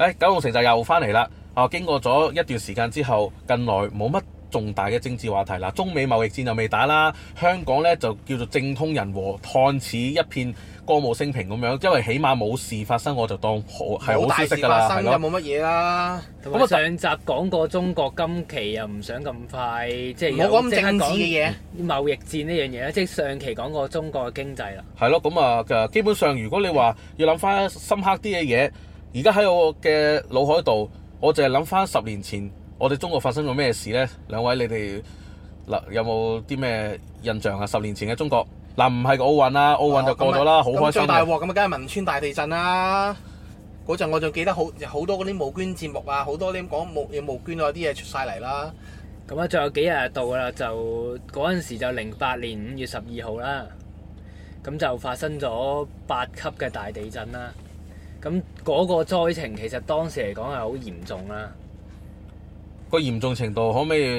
誒、哎，九龍城就又翻嚟啦！啊，經過咗一段時間之後，近來冇乜重大嘅政治話題啦。中美貿易戰就未打啦，香港咧就叫做政通人和，看似一片歌舞升平咁樣。因為起碼冇事發生，我就當好係好少息㗎啦。冇大事發生就冇乜嘢啦。咁啊上集講過中國今期又唔想咁快，即係有即刻講貿易戰呢樣嘢，即係上期講過中國嘅經濟啦。係咯，咁啊，基本上如果你話要諗翻深刻啲嘅嘢。而家喺我嘅腦海度，我淨係諗翻十年前我哋中國發生咗咩事咧？兩位你哋嗱有冇啲咩印象啊？十年前嘅中國嗱，唔係個奧運啦，奧、啊、運就過咗啦，好、哦、開心。咁最大鑊咁啊，梗係汶川大地震啦、啊。嗰陣我仲記得好好多嗰啲募捐節目啊，好多啲講募嘢募捐啊啲嘢出晒嚟啦。咁啊，仲有幾日到啦，就嗰陣時就零八年五月十二號啦，咁就發生咗八級嘅大地震啦。咁嗰個災情其實當時嚟講係好嚴重啦、啊，個嚴重程度可唔可以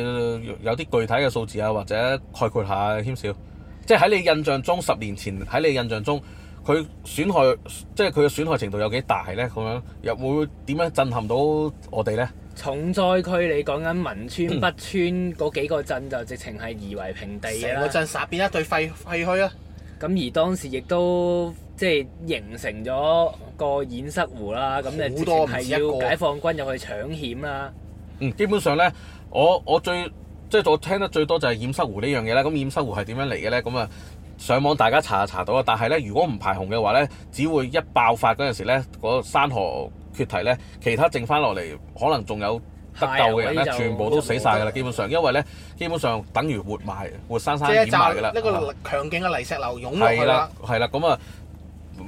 有啲具體嘅數字啊？或者概括下，謙少，即係喺你印象中十年前喺你印象中佢損害，即係佢嘅損害程度有幾大咧？咁樣又會點樣震撼到我哋咧？重災區你講緊汶川北川嗰、嗯、幾個鎮就直情係夷為平地嘅啦，成個鎮霎變一堆廢廢墟啦、啊。咁而當時亦都即係形成咗個掩塞湖啦，咁就係要解放軍入去搶險啦。嗯，基本上咧，我我最即係我聽得最多就係掩塞湖呢樣嘢啦。咁掩塞湖係點樣嚟嘅咧？咁啊，上網大家查下查到啊。但係咧，如果唔排洪嘅話咧，只會一爆發嗰陣時咧，嗰山河缺堤咧，其他剩翻落嚟可能仲有。得救嘅人咧，全部都死晒噶啦，基本上，因為咧，基本上等於活埋、活生生掩埋噶啦。呢個強勁嘅泥石流湧的入去啦。係啦，係啦，咁、嗯、啊。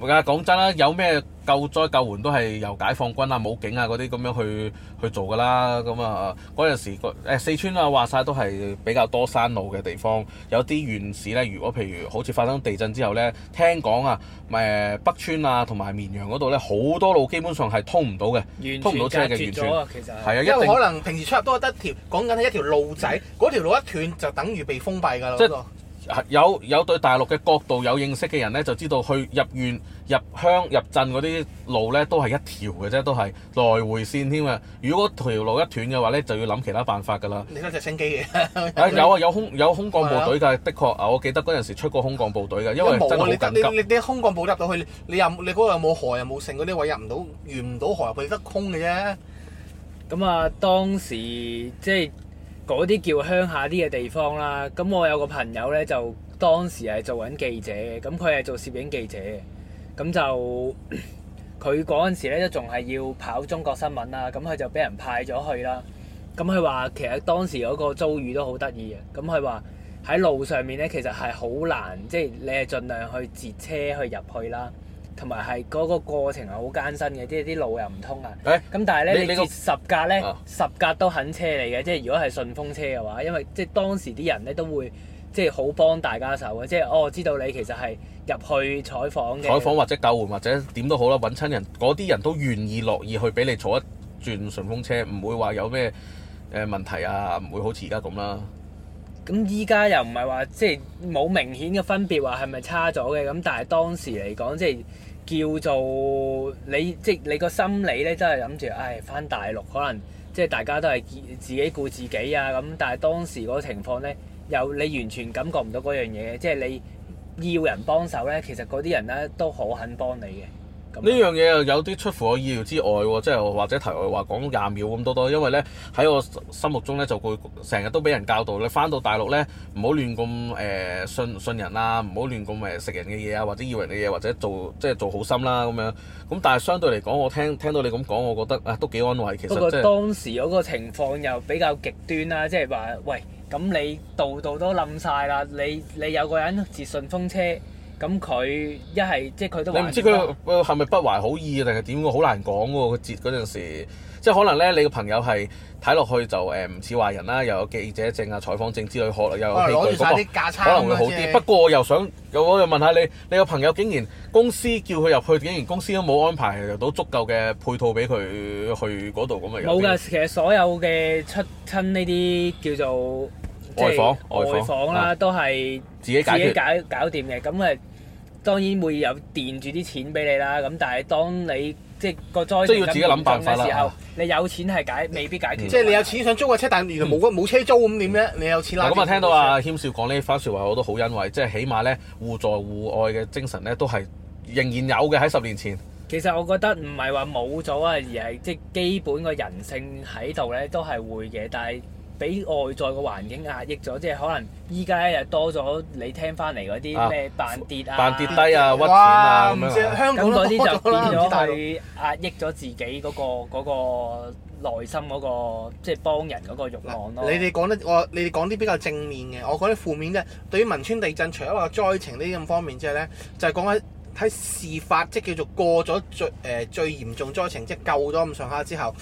啊，講真啦，有咩救災救援都係由解放軍啊、武警啊嗰啲咁樣去去做噶啦。咁啊，嗰陣時誒四川啊話晒都係比較多山路嘅地方，有啲縣市咧，如果譬如好似發生地震之後咧，聽講啊，咪北川啊同埋綿陽嗰度咧，好多路基本上係通唔到嘅，通唔到車嘅完全，其實係啊，因為可能平時出入都係得條，講緊係一條路仔，嗰、嗯、條路一斷就等於被封閉㗎啦。即係有有對大陸嘅角度有認識嘅人咧，就知道去入縣、入鄉、入鎮嗰啲路咧，都係一條嘅啫，都係來回線添啊！如果條路一斷嘅話咧，就要諗其他辦法噶啦。你得隻直升機嘅。 啊有啊有空有空降部隊㗎，的確啊！我記得嗰陣時出過空降部隊㗎，因為真係好緊急！你你你空降部入到去，你又你嗰度有冇河又冇剩嗰啲位入唔到，越唔到河入去得空嘅啫。咁啊，當時即係。嗰啲叫鄉下啲嘅地方啦，咁我有個朋友咧就當時係做緊記者嘅，咁佢係做攝影記者嘅，咁就佢嗰陣時咧都仲係要跑中國新聞啦，咁佢就俾人派咗去啦。咁佢話其實當時嗰個遭遇都好得意嘅，咁佢話喺路上面咧其實係好難，即係你係盡量去截車去入去啦。同埋係嗰個過程係好艱辛嘅，即係啲路又唔通啊。咁但係咧，你截十格咧，十格都肯車嚟嘅。即係如果係順風車嘅話，因為即係當時啲人咧都會即係好幫大家手嘅。即係我、哦、知道你其實係入去採訪嘅，採訪或者救援或者點都好啦。揾親人嗰啲人都願意樂意去俾你坐一轉順風車，唔會話有咩誒問題啊，唔會好似而家咁啦。咁依家又唔係話即係冇明顯嘅分別，話係咪差咗嘅？咁但係當時嚟講，即係叫做你即係你個心理咧，真係諗住，唉，翻大陸可能即係大家都係自己顧自己啊咁。但係當時嗰個情況咧，又你完全感覺唔到嗰樣嘢，即係你要人幫手咧，其實嗰啲人咧都好肯幫你嘅。呢樣嘢又有啲出乎我意料之外喎、哦，即係或者題外話講廿秒咁多多，因為咧喺我心目中咧，就會成日都俾人教導，你翻到大陸咧唔好亂咁誒、呃、信信人啊，唔好亂咁誒食人嘅嘢啊，或者要人嘅嘢，或者做即係做好心啦、啊、咁樣。咁但係相對嚟講，我聽聽到你咁講，我覺得啊都幾安慰。其實、就是、不過當時嗰個情況又比較極端啦、啊，即係話喂，咁你度度都冧晒啦，你你有個人截順風車。咁佢一係即係佢都，你唔知佢係咪不懷好意定係點？我好難講喎。佢截嗰陣時，即係可能咧，你個朋友係睇落去就誒唔似壞人啦，又有記者證啊、採訪證之類，可能又有攞住晒啲價差可能會好啲。是不過我又想，又我又問下你，你個朋友竟然公司叫佢入去，竟然公司都冇安排到足夠嘅配套俾佢去嗰度咁啊！冇噶，其實所有嘅出親呢啲叫做。外房、外房啦，都係自己自己解搞掂嘅。咁啊，當然會有墊住啲錢俾你啦。咁但係當你即係個災難發生嘅時候，你有錢係解未必解決。即係你有錢想租個車，但係原來冇冇車租咁點啫？你有錢咁啊！聽到阿謙少講呢番説話，我都好欣慰。即係起碼咧，互助互愛嘅精神咧，都係仍然有嘅喺十年前。其實我覺得唔係話冇咗啊，而係即係基本個人性喺度咧，都係會嘅。但係。俾外在嘅環境壓抑咗，即係可能依家又多咗你聽翻嚟嗰啲咩扮跌啊、扮、啊、跌低啊、屈錢啊咁樣。咁嗰啲就變咗係壓抑咗自己嗰、嗰個嗰內心嗰、嗰個即係幫人嗰個慾望咯、啊。你哋講得我，你哋講啲比較正面嘅，我講得負面嘅。對於汶川地震除咗話災情呢啲咁方面之外咧，就係、是、講緊喺事發即係叫做過咗最誒、呃、最嚴重災情，即係救咗咁上下之後，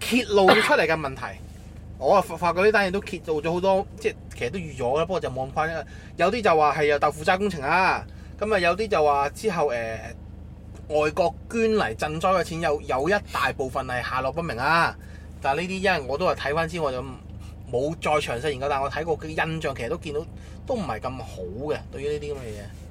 揭露出嚟嘅問題。啊。我啊發發覺呢單嘢都揭露咗好多，即係其實都預咗啦，不過就冇咁誇張啦。有啲就話係有豆腐渣工程啊，咁啊有啲就話之後誒、呃、外國捐嚟賑災嘅錢有有一大部分係下落不明啊。但係呢啲因為我都係睇翻先，我就冇再詳細研究。但我睇過佢嘅印象其實都見到都唔係咁好嘅，對於呢啲咁嘅嘢。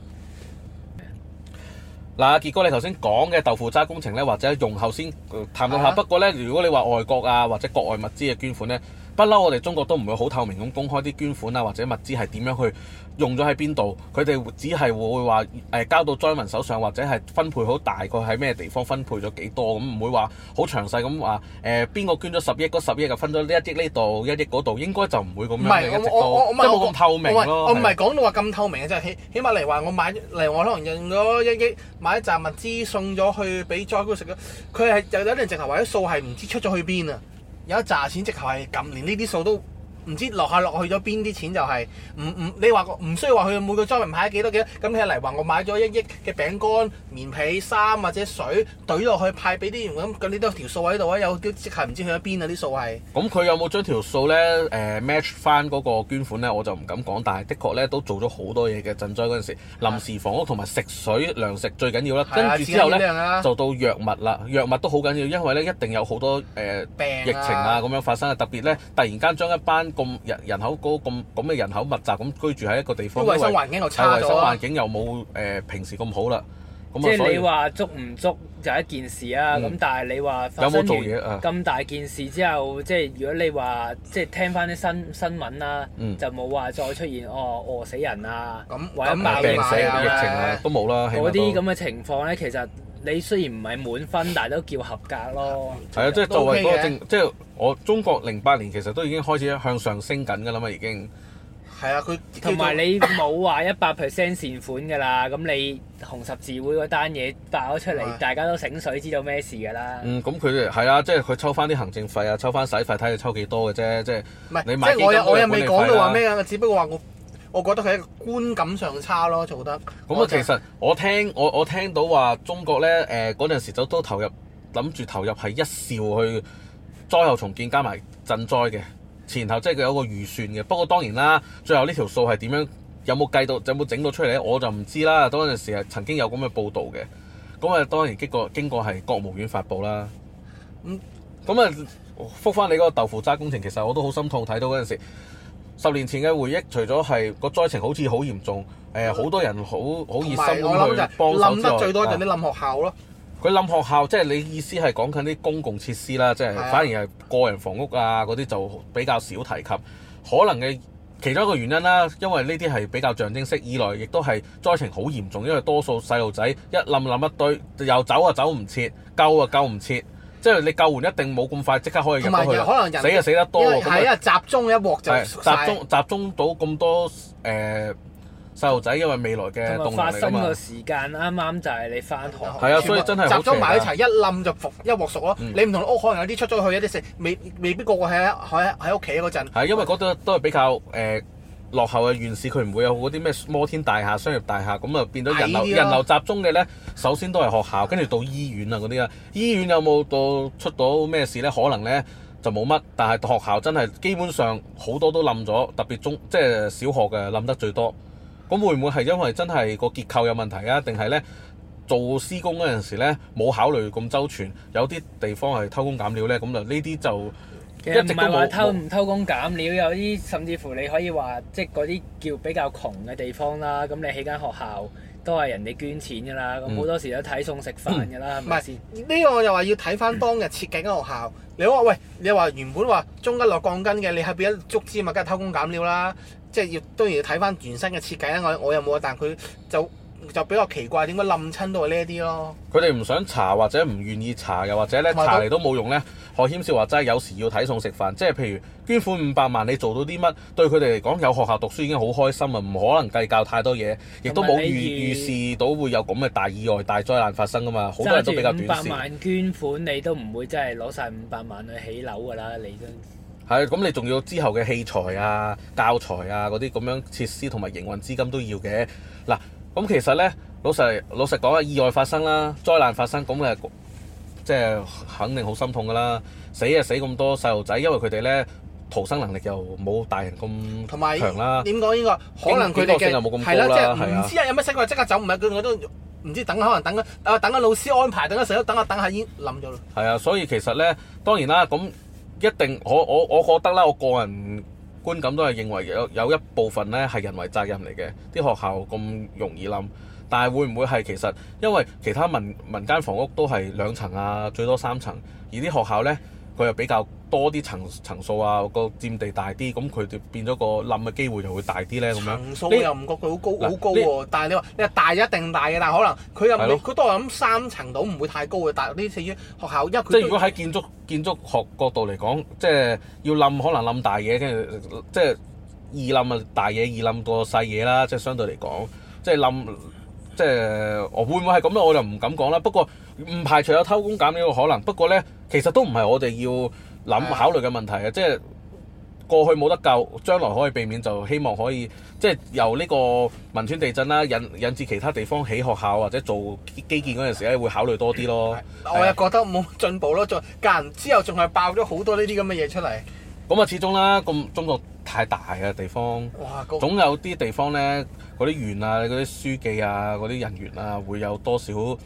嗱、啊，杰哥，你頭先講嘅豆腐渣工程呢，或者容後先談論、呃、下。Uh huh. 不過呢，如果你話外國啊，或者國外物資嘅捐款呢。不嬲，我哋中國都唔會好透明咁公開啲捐款啊或者物資係點樣去用咗喺邊度，佢哋只係會話誒交到災民手上或者係分配好大概喺咩地方分配咗幾多，咁唔會話好詳細咁話誒邊個捐咗十億嗰十億就分咗呢一億呢度一億嗰度，應該就唔會咁樣。唔係我冇咁透明，我唔係講到話咁透明嘅，即係起起碼嚟話我買嚟我可能用咗一億買一紮物資送咗去俾災區食嘅，佢係有有啲人淨係話啲數係唔知出咗去邊啊！有得賺錢，直頭係咁，連呢啲數都。唔知落下落去咗邊啲錢就係唔唔，你話唔需要話佢每個災民派咗幾多幾多，咁你佢嚟話我買咗一億嘅餅乾、棉被、衫或者水，懟落去派俾啲人咁，咁你都條數喺度啊，有都即係唔知去咗邊啊啲數係。咁佢有冇將條數咧誒、呃、match 翻嗰個捐款咧？我就唔敢講，但係的確咧都做咗好多嘢嘅。賑災嗰陣時，臨時房屋同埋食水糧食最緊要啦。的跟住之後咧，啊、就到藥物啦，藥物都好緊要，因為咧一定有好多誒、呃啊、疫情啊咁樣發生啊，特別咧突然間將一班。咁人人口咁咁嘅人口密集咁居住喺一個地方，個衞生環境又差，衛生環境又冇誒，平時咁好啦。即係你話捉唔捉就一件事啊，咁但係你話有冇做嘢啊？咁大件事之後，即係如果你話即係聽翻啲新新聞啦，就冇話再出現哦餓死人啊，咁或者病死啊疫情啊，都冇啦。嗰啲咁嘅情況咧，其實你雖然唔係滿分，但係都叫合格咯。係啊，即係作為嗰個政，即係我中國零八年其實都已經開始向上升緊㗎啦嘛，已經。係啊，佢同埋你冇話一百 percent 善款㗎啦。咁 你紅十字會嗰單嘢爆咗出嚟， 大家都醒水，知道咩事㗎啦、嗯。嗯，咁佢哋係啊，即係佢抽翻啲行政費，費，是費啊，抽翻使費，睇佢抽幾多嘅啫。即係唔係？即係我又我又未講到話咩啊，只不過話我我覺得佢係觀感上差咯，做得。咁啊，其實我、就是、我聽我我聽到話中國咧誒嗰陣時就都投入諗住投入係一兆去災後重建加埋震災嘅。前後即係佢有個預算嘅，不過當然啦，最後呢條數係點樣，有冇計，有冇計到，有冇整到出嚟咧，我就唔知啦。當嗰陣時曾經有咁嘅報導嘅，咁啊當然經過經過係國務院發布啦。咁咁啊覆返你嗰個豆腐渣工程，其實我都好心痛睇到嗰陣時。十年前嘅回憶，除咗係個災情好似好嚴重，誒、呃、好多人好好熱心咁去幫手。冧得最多就啲冧學校咯。佢冧學校，即係你意思係講緊啲公共設施啦，即係反而係個人房屋啊嗰啲就比較少提及。可能嘅其中一個原因啦，因為呢啲係比較象徵式，二來亦都係災情好嚴重，因為多數細路仔一冧冧一堆，又走啊走唔切，救啊救唔切，即係你救援一定冇咁快，即刻可以入得去，有有可能死就死得多喎。啊，集中一鑊就、嗯、集中集中到咁多誒。呃細路仔，因為未來嘅動力發生嘅時間啱啱就係你返學，係啊，所以真係集中埋一齊，一冧就，就熟一鑊熟咯。嗯、你唔同屋，可能有啲出咗去，有啲成未未必個個喺喺喺屋企嗰陣。係因為嗰度都係比較誒、呃、落後嘅縣市，佢唔會有嗰啲咩摩天大廈、商業大廈咁啊，變咗人流人流集中嘅咧。首先都係學校，跟住到醫院啊嗰啲啊。醫院有冇到出到咩事咧？可能咧就冇乜，但係學校真係基本上好多都冧咗，特別中即係、就是、小學嘅冧得最多。咁會唔會係因為真係個結構有問題啊？定係咧做施工嗰陣時咧冇考慮咁周全，有啲地方係偷工減料咧咁啦？呢啲就一直其實唔係話偷唔偷工減料，有啲甚至乎你可以話即係嗰啲叫比較窮嘅地方啦。咁你起間學校都係人哋捐錢㗎啦，咁好、嗯、多時都睇餸食飯㗎啦。唔係呢個，又就話要睇翻當日設計嘅學校。嗯、你話喂，你話原本話中間落鋼筋嘅，你係變咗竹枝物，梗係偷工減料啦。即係要當然要睇翻原生嘅設計啦，我我又冇，但係佢就就比較奇怪，點解冧親都係呢啲咯？佢哋唔想查或者唔願意查，又或者咧有查嚟都冇用咧。何謙少話齋，有時要睇餸食飯，即係譬如捐款五百萬，你做到啲乜對佢哋嚟講有學校讀書已經好開心啊，唔可能計較太多嘢，亦都冇預著預視到會有咁嘅大意外、大災難發生噶嘛。好多人都比較短視。揸住五百萬捐款，你都唔會真係攞晒五百萬去起樓㗎啦，你都。係，咁你仲要之後嘅器材啊、教材啊嗰啲咁樣設施同埋營運資金都要嘅。嗱，咁其實咧，老實老實講啊，意外發生啦，災難發生咁嘅，即係肯定好心痛㗎啦。死就死咁多細路仔，因為佢哋咧逃生能力又冇大人咁強啦。點講呢個？可能佢哋嘅係啦，即係唔知啊，有咩事佢即刻走唔係？佢我都唔知等可能等緊啊，等緊老師安排，等緊等下等下已經冧咗啦。係啊，所以其實咧，當然啦，咁。一定，我我我覺得啦，我個人觀感都係認為有有一部分咧係人為責任嚟嘅，啲學校咁容易冧，但係會唔會係其實因為其他民民間房屋都係兩層啊，最多三層，而啲學校咧？佢又比較多啲層層數啊，個佔地大啲，咁佢變咗個冧嘅機會就會大啲咧。咁樣，層數 你又唔覺得佢好高好高喎你？但係你話你話大一定大嘅，但係可能佢又佢的都係諗三層度唔會太高嘅。但係呢，至於學校，因為即係如果喺建築建築學角度嚟講，即係要冧可能冧大嘢，即係即係二冧啊大嘢，二冧過細嘢啦。即係相對嚟講，即係冧。即係我會唔會係咁咧？我就唔敢講啦。不過唔排除有偷工減料嘅可能。不過咧，其實都唔係我哋要諗考慮嘅問題嘅。是的 即係過去冇得救，將來可以避免就希望可以。即係由呢個汶川地震啦，引引致其他地方起學校或者做基建嗰陣時咧，會考慮多啲咯。我又覺得冇進步咯，再隔年之後仲係爆咗好多呢啲咁嘅嘢出嚟。咁啊，始終啦，咁中國太大嘅地方，哇，總有啲地方咧，嗰啲員啊，嗰啲書記啊，嗰啲人員啊，會有多少唔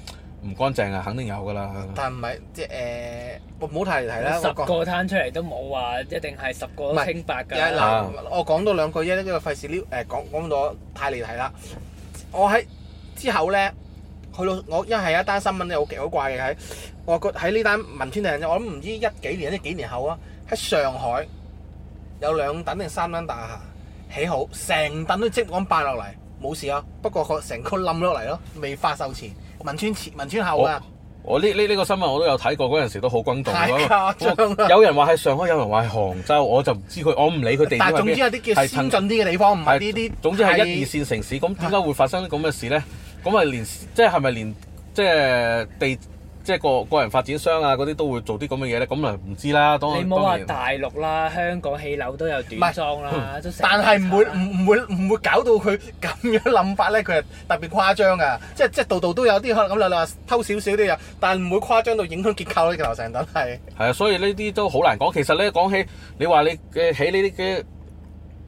乾淨啊？肯定有噶啦。但唔係即係誒，唔好太離題啦。十個攤出嚟都冇話一定係十個清白㗎。嗱，我講多兩句啫，呢個費事撩誒講講咗太離題啦。我喺之後咧，去到我一係一單新聞咧，我好奇怪嘅喺我覺喺呢單汶川，我諗唔知一幾年即係幾年後啊。喺上海有兩等定三等大廈起好，成等都積木咁敗落嚟，冇事啊。不過佢成區冧落嚟咯。未發售前，汶川前、汶川後啊。我呢呢呢個新聞我都有睇過，嗰陣時都好轟動。太誇張啦！有人話喺上海，有人話喺杭州，我就唔知佢，我唔理佢地。但係總之有啲叫先進啲嘅地方，唔係呢啲。總之係一二線城市，咁點解會發生啲咁嘅事咧？咁啊，連即係咪連即係地？即係個個人發展商啊，嗰啲都會做啲咁嘅嘢咧。咁啊，唔知啦。當然，你唔好話大陸啦，香港起樓都有短樁啦，都成。但係唔會唔唔會唔會搞到佢咁樣諗法咧？佢係特別誇張㗎，即係即係度度都有啲可能咁啦啦偷少少都有，但係唔會誇張到影響結構啲樓成棟係。係啊，所以呢啲都好難講。其實咧，講起你話你嘅起呢啲嘅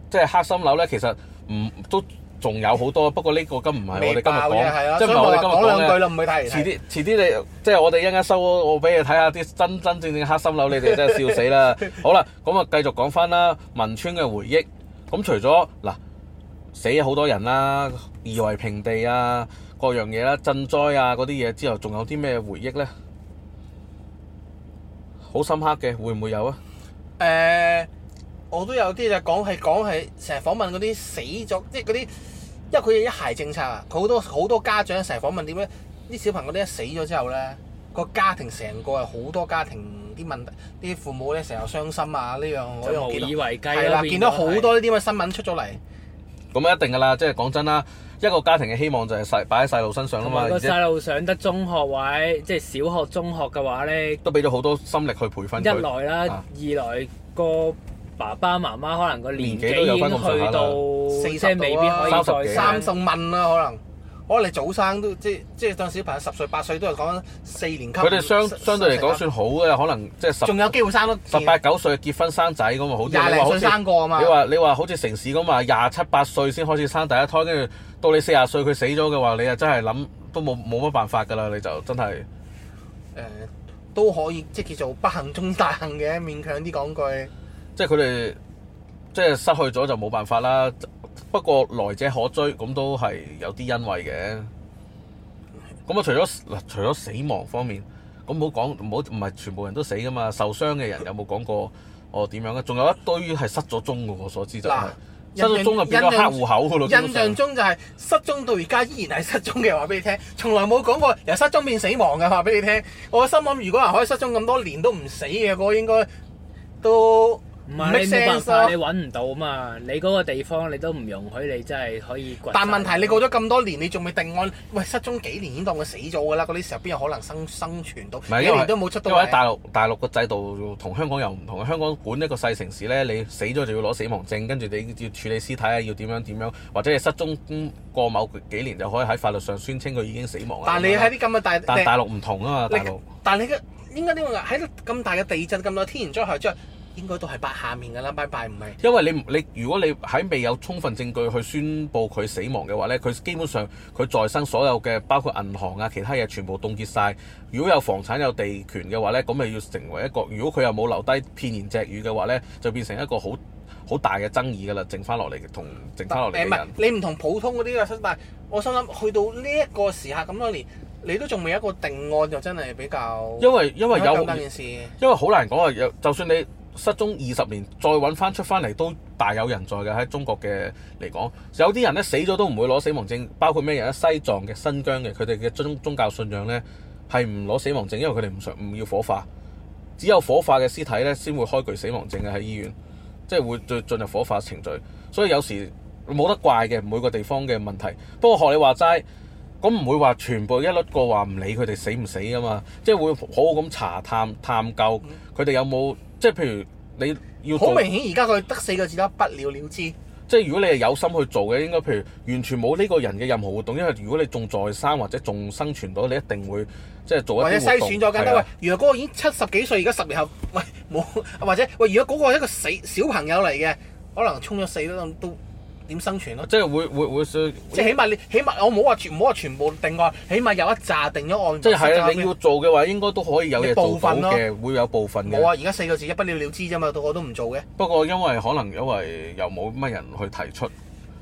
即係黑心樓咧，其實唔都。仲有好多，不過呢個今唔係我哋今日講，即係唔係我哋今日講兩句都唔會提。遲啲遲啲你，即係我哋一陣間收我俾你睇下啲真真正正黑心樓，你哋真係笑死啦！好啦，咁啊繼續講翻啦，汶川嘅回憶。咁除咗嗱死咗好多人啦，夷為平地啊，各樣嘢啦，震災啊嗰啲嘢之後，仲有啲咩回憶咧？好深刻嘅，會唔會有啊？誒。我都有啲就講係講係成日訪問嗰啲死咗，即係嗰啲，因為佢一孩政策啊，佢好多好多家長成日訪問點咧，啲小朋友一死咗之後咧，個家庭成個又好多家庭啲問題，啲父母咧成日又傷心啊，呢樣我以為計，係啦對，見到好多呢啲咁嘅新聞出咗嚟。咁啊，一定噶啦，即係講真啦，一個家庭嘅希望就係細擺喺細路身上啦嘛。個細路上得中學或者，即係小學、中學嘅話咧，都俾咗好多心力去培訓。一來啦，二來，二來個。爸爸媽媽可能個年紀，年紀有分去到四十，啊，即係未必可以再三十問啦。可能可能你早生都即即當小朋友十歲八歲都係講四年級。佢哋相相對嚟講算好嘅，可能即係十仲有機會生咯。十八九歲結婚生仔咁啊，好啲咯。廿零歲生個啊嘛。你話你話好似城市咁話，廿七八歲先開始生第一胎，跟住到你四十歲佢死咗嘅話，你啊真係諗都冇冇乜辦法噶啦，你就真係誒都、呃、都可以即叫做不幸中大幸嘅，勉強啲講句。即係佢哋，即係失去咗就冇辦法啦。不過來者可追，咁都係有啲欣慰嘅。咁啊，除咗嗱，除咗死亡方面，咁冇講，冇，唔係全部人都死噶嘛。受傷嘅人有冇講過？哦，點樣嘅？仲有一堆係失咗蹤嘅，我所知就係、是、喇失咗蹤就變咗黑戶口喇印象中就係失蹤到而家依然係失蹤嘅話，俾你聽，從來冇講過由失蹤變死亡嘅，話俾你聽。我心諗，如果人可以失蹤咁多年都唔死嘅，我應該都。你揾唔到嘛？你嗰個地方你都唔容許你真係可以。但係問題你過咗咁多年，你仲未定案？喂，失蹤幾年已經當佢死咗㗎啦！嗰啲時候邊有可能生生存到？唔係是因為都冇出到，因為喺大陸，大陸個制度同香港又唔同。香港管一個細城市咧，你死咗就要攞死亡證，跟住你要處理屍體啊，要點樣點樣？或者你失蹤過某幾年就可以喺法律上宣稱佢已經死亡。但你喺啲咁嘅大，你但大陸唔同啊嘛，大陸。你你但你嘅，應該點講？喺咁大嘅地震，咁多天然災害中。應該都係八下面嘅啦，拜拜唔係。因為你你如果你喺未有充分證據去宣佈佢死亡嘅話咧，佢基本上佢在生所有嘅包括銀行啊、其他嘢全部凍結晒。如果有房產有地權嘅話咧，咁又要成為一個。如果佢又冇留低片言隻語嘅話咧，就變成一個好好大嘅爭議噶啦，剩翻落嚟嘅，同剩翻落嚟。誒唔係你唔同普通嗰啲嘅，但係我心諗去到呢一個時刻咁多年，你都仲未一個定案，就真係比較。因為因為有因為好難講啊，有就算你。失蹤二十年，再揾翻出翻嚟都大有人在嘅。喺中國嘅嚟講，有啲人呢死咗都唔會攞死亡證，包括咩人呢？西藏嘅、新疆嘅，佢哋嘅宗宗教信仰呢係唔攞死亡證，因為佢哋唔想唔要火化，只有火化嘅屍體呢，先會開具死亡證嘅喺醫院，即係會進入火化程序。所以有時冇得怪嘅，每個地方嘅問題。怪怪，不過學你話齋咁唔會話全部一律個話唔理佢哋死唔死啊嘛，即係會好好咁查探探究佢哋有冇。即係譬如你要好明顯，而家佢得四個字都不了了之。即係如果你係有心去做嘅，應該譬如完全冇呢個人嘅任何活動，因為如果你仲在生或者仲生存到，你一定會即係做一啲活動，或者篩選咗簡單，的喂，原來嗰個已經七十幾歲，而家十年後，喂冇或者喂，如果嗰個一個死小朋友嚟嘅，可能沖咗四都都。點生存咯？即係會會會即係起碼你起碼我唔好話全唔好話全部定案，起碼有一紮定咗案。即係係啦，你要做嘅話，應該都可以有嘢做。部分嘅會有部分嘅。冇啊！而家四個字一不了了之啫嘛，到我都唔做嘅。不過因為可能因為又冇乜人去提出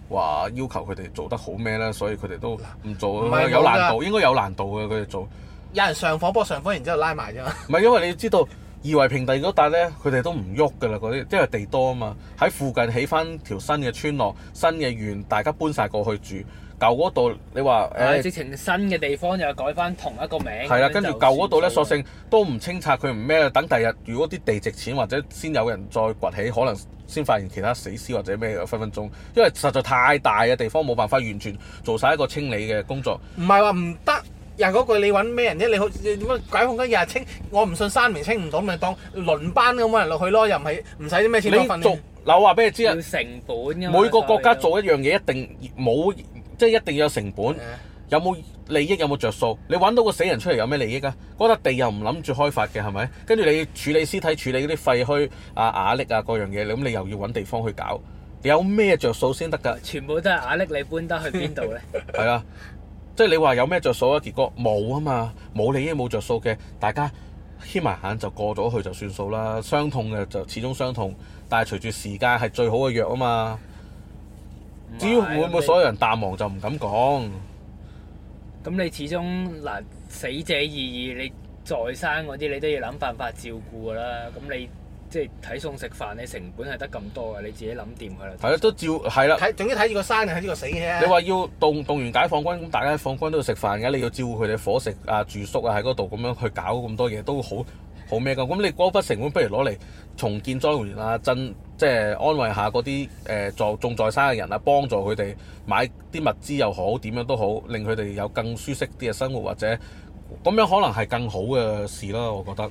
話要求佢哋做得好咩啦，所以佢哋都唔做啊。是有難度、啊、應該有難度嘅佢哋做。有人上訪，不過上訪然之後拉埋啫嘛。唔係因為你知道。 二圍平地嗰帶咧，佢哋都唔喐噶啦，嗰啲，即係地多啊嘛。喺附近起翻條新嘅村落，新嘅縣，大家搬晒過去住。舊嗰度你話誒，啊欸、直情新嘅地方又改翻同一個名。係啦，跟住舊嗰度咧，索性都唔清拆，佢唔咩，等第日如果啲地值錢或者先有人再掘起，可能先發現其他死屍或者咩，分分鐘，因為實在太大嘅地方，冇辦法完全做晒一個清理嘅工作。唔係話唔得。又嗰句你揾咩人啫？你好點乜鬼？戇吉日清，我唔信三年清唔到，咪當輪班咁揾人落去咯。又唔係唔使啲咩錢去訓練。你做樓話俾你知啊！成本。每個國家做一樣嘢一定冇，即係一定要有成本。的有冇利益有冇着數？你揾到個死人出嚟有咩利益啊？嗰笪地又唔諗住開發嘅係咪？跟住你處理屍體、處理嗰啲廢墟啊、瓦礫啊各樣嘢，咁你又要揾地方去搞？你有咩着數先得㗎？全部都係瓦礫，你搬得去邊度咧？係啊。即係你話有咩着數啊？結果冇啊嘛，冇利益冇着數嘅，大家牽埋眼就過咗去就算數啦。傷痛嘅就始終傷痛，但係隨住時間係最好嘅藥啊嘛。是至於會唔會所有人淡忘就唔敢講。咁你始終嗱，死者已矣，你在生嗰啲你都要諗辦法照顧㗎啦。咁你。即係睇餸食飯，你成本係得咁多嘅，你自己諗掂佢啦。係啊，都照係啦。睇總之睇住個生嘅，睇呢個死嘅。你話要動動員解放軍，咁大家解放軍都要食飯嘅，你要照顧佢哋伙食啊、住宿啊，喺嗰度咁樣去搞咁多嘢，都好好咩嘅。咁你嗰筆成本，不如攞嚟重建災區啊，振即係安慰下嗰啲誒在仲在生嘅人啊，幫助佢哋買啲物資又好，點樣都好，令佢哋有更舒適啲嘅生活，或者咁樣可能係更好嘅事啦，我覺得。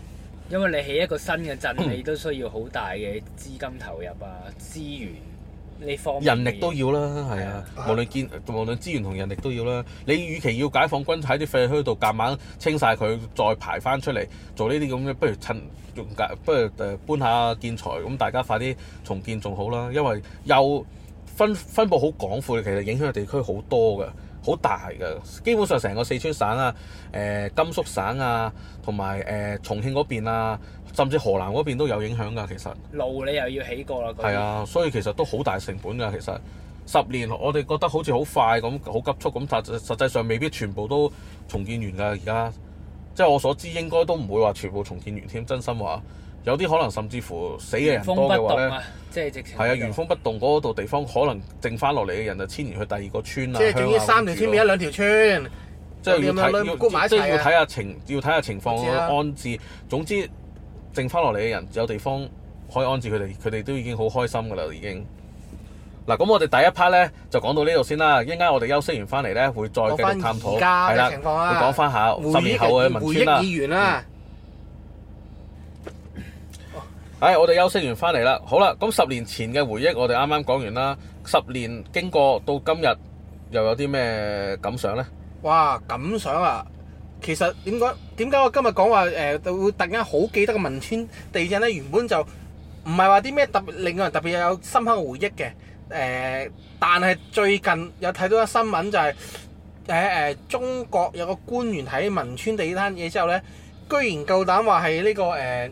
因為你起一個新嘅鎮，你都需要好大嘅資金投入啊，資源你方人力都要啦，係啊的，無論建無論資源同人力都要啦。你與其要解放軍喺啲廢墟度夾硬清晒佢，再排翻出嚟做呢啲咁嘅，不如趁用，不如誒搬下建材，咁大家快啲重建仲好啦。因為又分分佈好廣闊，其實影響嘅地區好多嘅。好大嘅，基本上成個四川省啊、誒、呃、甘肅省啊，同埋誒重慶嗰邊啊，甚至河南嗰邊都有影響噶。其實路你又要起過啦，係啊，所以其實都好大成本噶。其實十年我哋覺得好似好快咁，好急速咁，實實際上未必全部都重建完㗎。而家即係我所知，應該都唔會話全部重建完添。真心話。有啲可能甚至乎死嘅人多嘅話咧，即係直情啊，原封不動嗰度地方，可能剩翻落嚟嘅人就遷移去第二個村啊。即係對於三條村面、一兩條村，即係要睇，即係要睇下情，要睇下情況安置。總之，剩翻落嚟嘅人有地方可以安置佢哋，佢哋都已經好開心噶啦，已經。嗱，咁我哋第一 part 咧就講到呢度先啦。一陣間我哋休息完翻嚟咧，會再繼續探討係啦情況講翻下十年後嘅民遷啊。哎，我哋休息完翻嚟啦。好啦，咁十年前嘅回憶我哋啱啱講完啦，十年經過到今日又有啲咩感想呢？哇，感想啊，其實點解，點解我今日講話誒、呃，會突然間好記得個汶川地震呢？原本就唔係話啲咩特別，令到人特別有深刻嘅回憶嘅。誒、呃，但係最近有睇到啲新聞就係誒誒，中國有個官員喺汶川地震嘢之後呢，居然夠膽話係呢個誒。呃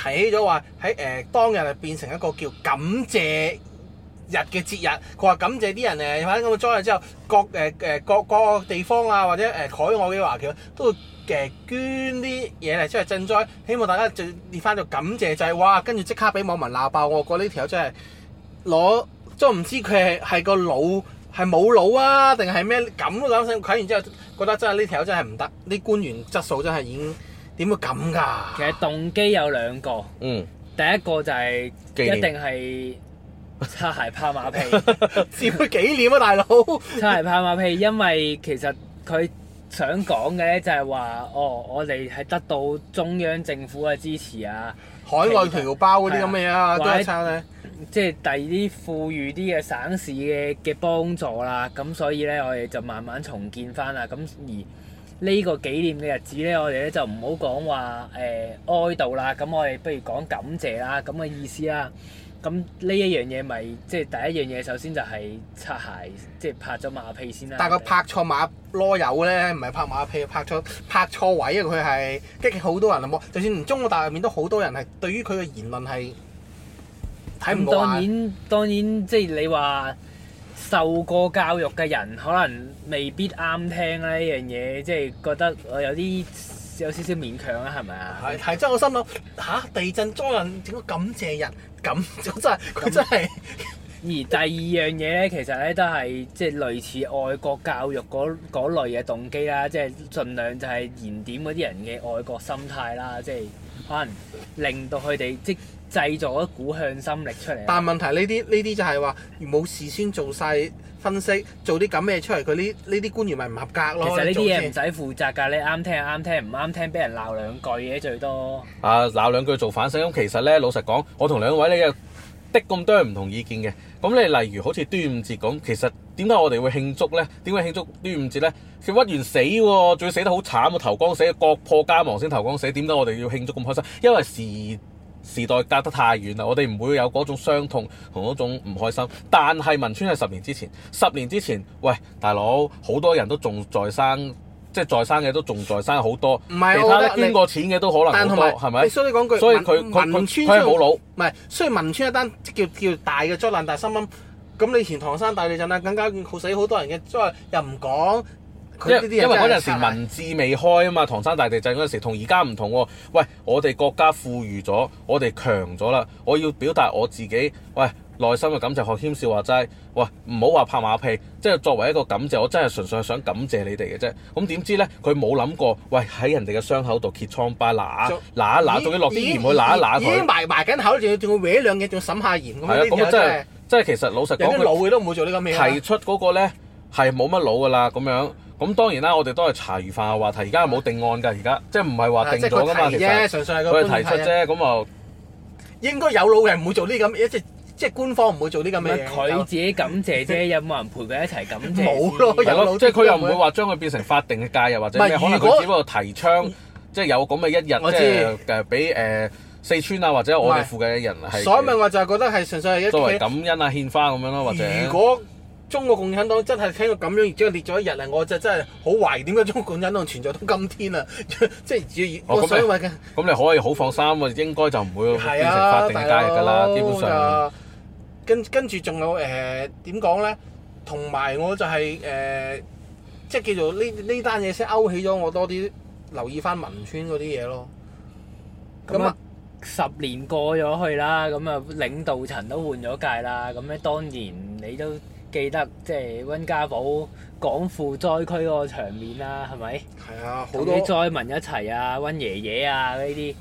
睇咗話喺誒當日變成一個叫感謝日嘅節日，佢話感謝啲人誒發生咁嘅災之後，各誒誒各，各個地方啊或者誒海外嘅華僑都會誒捐啲嘢嚟出嚟賑災，希望大家就列翻做感謝制、就係。哇！跟住即刻俾網民鬧爆，我覺得呢條友真係攞，啊、都唔知佢係係個腦係冇腦啊定係咩咁嘅諗法。睇完之後覺得真係呢條友真係唔得，啲官員質素真係已經。點會咁噶、啊？其實動機有兩個。嗯。第一個就係、是、念一定係擦鞋拍馬屁，做紀念啊，大佬！擦鞋拍馬屁， 因為其實佢想講嘅咧就係話， 哦，我哋係得到中央政府嘅支持啊，海外僑胞嗰啲咁嘅嘢啊，他啊或者即係第二啲富裕啲嘅省，省市嘅嘅幫助啦、啊，咁所以咧我哋就慢慢重建翻啦，咁而。而呢個紀念嘅日子咧，我哋咧就唔好講話誒哀悼啦，咁我哋不如講感謝啦，咁嘅意思啦。咁呢一樣嘢咪即係第一樣嘢，首先就係擦鞋，即係拍咗馬屁先啦。但係佢拍錯馬囉柚咧，唔係拍馬屁，拍錯拍錯位啊！佢係激好多人啊！冇，就算唔中國大陸入面都好多人係對於佢嘅言論係睇唔過眼。當然當然，即係你話。受過教育嘅人可能未必啱聽呢樣嘢，即係覺得我有啲有少少勉強啦，係咪啊？係係真係我心諗嚇，地震災難整個感謝日？咁我 真係佢真係。 而第二樣嘢咧，其實咧都係即係類似愛國教育嗰類嘅動機啦，即係儘量就係燃點嗰啲人嘅愛國心態啦，即係可能令到佢哋即。製造一股向心力出嚟。但係問題呢啲呢啲就係話冇事先做晒分析，做啲咁嘅出嚟？佢呢呢啲官員咪唔合格咯。其實呢啲嘢唔使負責㗎，你啱聽啱聽，唔啱聽俾人鬧兩句嘢最多。啊，鬧兩句做反省。咁其實咧，老實講，我同兩位咧的咁多唔同意見嘅。咁你例如好似端午節咁，其實點解我哋會慶祝咧？點解慶祝端午節咧？佢屈原死喎、啊，仲要死得好慘、啊，投江死，國破家亡先投江死。點解我哋要慶祝咁開心？因為時時代隔得太遠啦，我哋唔會有嗰種傷痛同嗰種唔開心。但係汶川係十年之前，十年之前，喂，大佬，好多人都仲在生，即係在生嘅都仲在生好多。唔係是，其他得捐過錢嘅都可能好多，係咪？所以你講句，所以佢佢村冇腦。唔係，雖然汶川一單即叫叫大嘅災難，但係心諗咁你以前唐山大地震啦，更加好死好多人嘅，即係又唔講。因因為嗰陣時文字未開啊嘛，唐山大地震嗰陣時同而家唔同喎。喂，我哋國家富裕咗，我哋強咗啦。我要表達我自己，喂，內心嘅感謝。學謙笑話齋，喂，唔好話拍馬屁，即係作為一個感謝，我真係純粹係想感謝你哋嘅啫。咁點知咧，佢冇諗過，喂，喺人哋嘅傷口度揭瘡疤，嗱嗱嗱，仲要落啲鹽去嗱嗱佢，已經埋埋緊口，仲要仲要搲兩嘢，仲要沈下鹽。係啊，咁即係即係，其實老實講，有啲老嘢都唔會做呢個嘢。提出嗰個咧係冇乜腦噶啦，咁樣。咁當然啦，我哋都係茶餘飯話題，而家係冇定案㗎，而家即係唔係話定咗㗎嘛？純粹係佢提出啫，咁啊，應該有老人唔會做啲咁，即係即係官方唔會做啲咁嘅。佢自己感謝啫，有冇人陪佢一齊感謝？冇咯，即係佢又唔會話將佢變成法定嘅假日，或者咩？可能佢只不過提倡，即係有咁嘅一日，即係誒俾誒四川啊或者我哋附近嘅人，所以咪話就係覺得係純粹係作為感恩啊、獻花咁樣咯，或者。中國共產黨真係聽到咁樣，而之後列咗一日，我就真係好懷疑點解中國共產黨存在到今天啊！即係主要，咁、哦、你， 你可以好放心啊，應該就唔會變成法定界嘅啦。啊、基本上，啊啊、跟跟住仲有誒點講咧？同、呃、埋我就係、是、誒、呃，即係叫做呢呢單嘢先勾起咗我多啲留意翻民村嗰啲嘢咯。咁啊就，十年過咗去啦，咁啊領導層都換咗界啦，咁咧當然你都。記得即係温家寶廣富災區嗰個場面啦，啊，係咪、啊？好多災民一齊啊，温爺爺啊呢啲，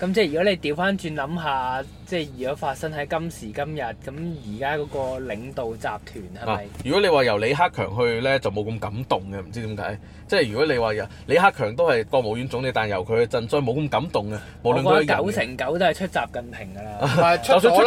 咁即係如果你調翻轉諗下。即係如果發生喺今時今日，咁而家嗰個領導集團係咪、啊？如果你話由李克強去咧，就冇咁感動嘅，唔知點解，即係如果你話由李克強都係國務院總理，但由佢去陣，再冇咁感動嘅。無論佢九成九都係出習近平㗎、啊、啦。出出出，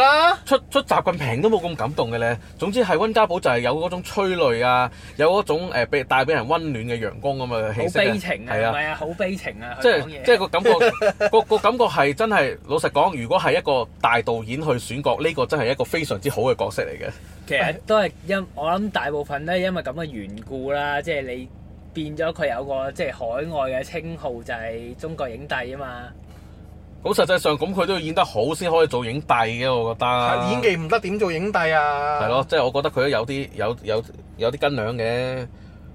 出，出習近平都冇咁感動嘅咧。總之係温家寶就係有嗰種催淚啊，有嗰種俾帶俾人温暖嘅陽光咁嘅氣息啊。好悲情啊！唔係啊！好、啊、悲情啊！即係即係個感覺，個 個感覺係真係老實講，如果係一個。大導演去選角，呢個真係一個非常之好嘅角色嚟嘅。其實都係因我諗大部分都係因為咁嘅緣故啦，即係你變咗佢有個即係海外嘅稱號就係中國影帝啊嘛。咁實際上咁佢都要演得好先可以做影帝嘅，我覺得。演技唔得點做影帝啊？係咯，即係我覺得佢都有啲有有有啲斤兩嘅。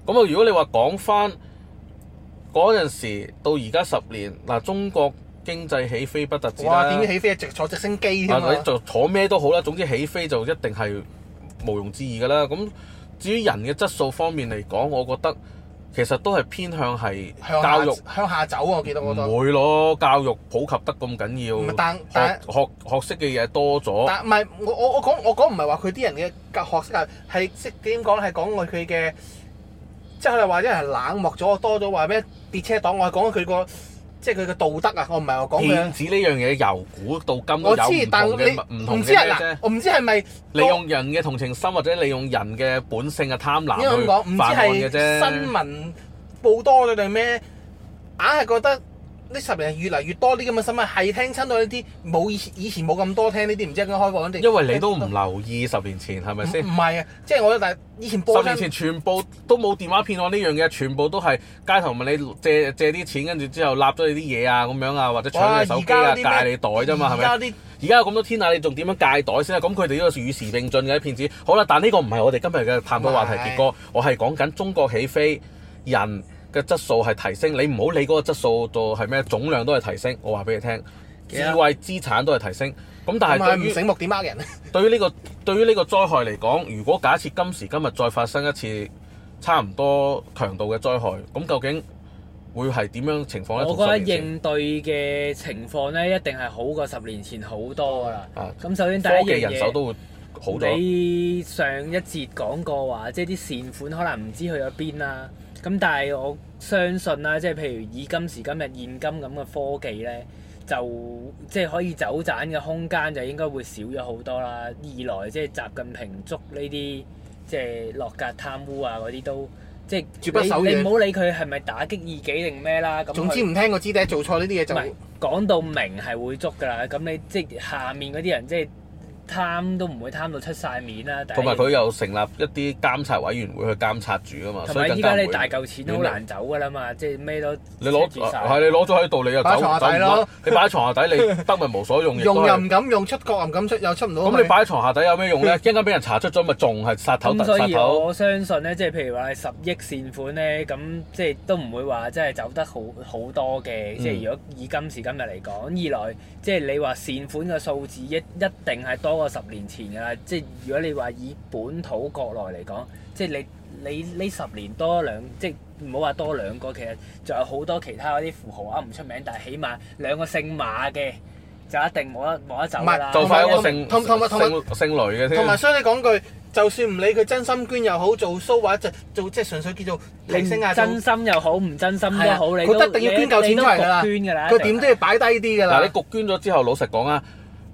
咁啊，如果你話講翻嗰陣時到而家十年嗱，中國。經濟起飛不特止啦！哇！點起飛啊？直坐直升機啊咪就、啊、坐咩都好啦，總之起飛就一定係毋庸置疑噶啦。咁至於人嘅質素方面嚟講，我覺得其實都係偏向係教育向下，向下走、啊、我記得我都唔會咯，教育普及得咁緊要。但但學學、學、學識嘅嘢多咗，但唔係我我我講我講唔係話佢啲人嘅教學識教育係識點講係講佢佢嘅，即係可能話啲人冷漠咗多咗話咩跌車黨，我係講佢個。即係佢嘅道德啊！我唔係我講，騙子呢樣嘢，由古到今都有，我知，同但你同嘅唔同嘅我唔知係咪、那個、利用人嘅同情心或者利用人嘅本性嘅貪婪去犯案嘅啫。新聞報多咗定咩？硬係覺得。呢十年越嚟越多啲咁嘅新聞，係聽親到呢啲冇，以前以前冇咁多聽呢啲，唔知點解開放啲。因為你都唔留意十年前係咪先？唔係啊，即係我但係以前播十年前全部都冇電話騙案呢樣嘢，全部都係街頭問你借借啲錢，跟住之後立咗你啲嘢啊咁樣啊，或者搶你手機啊，戒你袋啫嘛，係咪？而家有咁多天啊，你仲點樣戒袋先啊？咁佢哋呢個與時並進嘅騙子，好啦，但係呢個唔係我哋今日嘅談嘅話題結果。我係講緊中國起飛人。嘅質素係提升，你唔好理嗰個質素做係咩，總量都係提升。我話俾你聽，智慧資產都係提升。咁但係唔醒目點呃人呢？ 對、這個？對於呢個對於呢個災害嚟講，如果假設今時今日再發生一次差唔多強度嘅災害，咁究竟會係點樣情況咧？我覺得應對嘅情況咧，一定係好過十年前好多噶啦。咁、啊、首先第一樣嘢人手都會好多。你上一節講過話，即係啲善款可能唔知去咗邊啦。咁但係我相信啦，即係譬如以今時今日現今咁嘅科技咧，就即係可以走盞嘅空間就應該會少咗好多啦。二來即係習近平捉呢啲即係落格貪污啊嗰啲都即係絕不手軟。你唔好理佢係咪打擊異己定咩啦。咁總之唔聽個知底做錯呢啲嘢就唔係，講到明係會捉㗎啦。咁你即係下面嗰啲人即係。貪都唔會貪到出曬面啦，同埋佢又成立一啲監察委員會去監察住啊嘛，所以而家你大嚿錢都好難走噶啦嘛，即係咩都你攞係你攞咗喺度，你又走走唔到。你擺喺牀下底，你得物無所用。用又唔敢用，出國又唔敢出，又出唔到。咁你擺喺牀下底有咩用咧？一陣間俾人查出咗，咪仲係殺頭突殺頭。咁所以我相信咧，即係譬如話係十億善款咧，咁即係都唔會話真係走得好好多嘅。即係如果以今時今日嚟講，二來即係你話善款嘅數字一一定係多。多過十年前㗎啦，即係如果你話以本土國內嚟講，即係你你呢十年多兩，即係唔好話多兩個，其實仲有好多其他嗰啲富豪啊，唔出名，但係起碼兩個姓馬嘅就一定冇得冇得走啦。唔係，就快一個姓同同埋同埋姓雷嘅添。同埋所以你講句，就算唔理佢真心捐又好，做 show 或者做即係純粹叫做提升下。真心又好，唔真心都好，你都一定要捐夠錢都係捐㗎啦。佢點都要擺低啲㗎啦。嗱，你焗捐咗之後，老實講啊。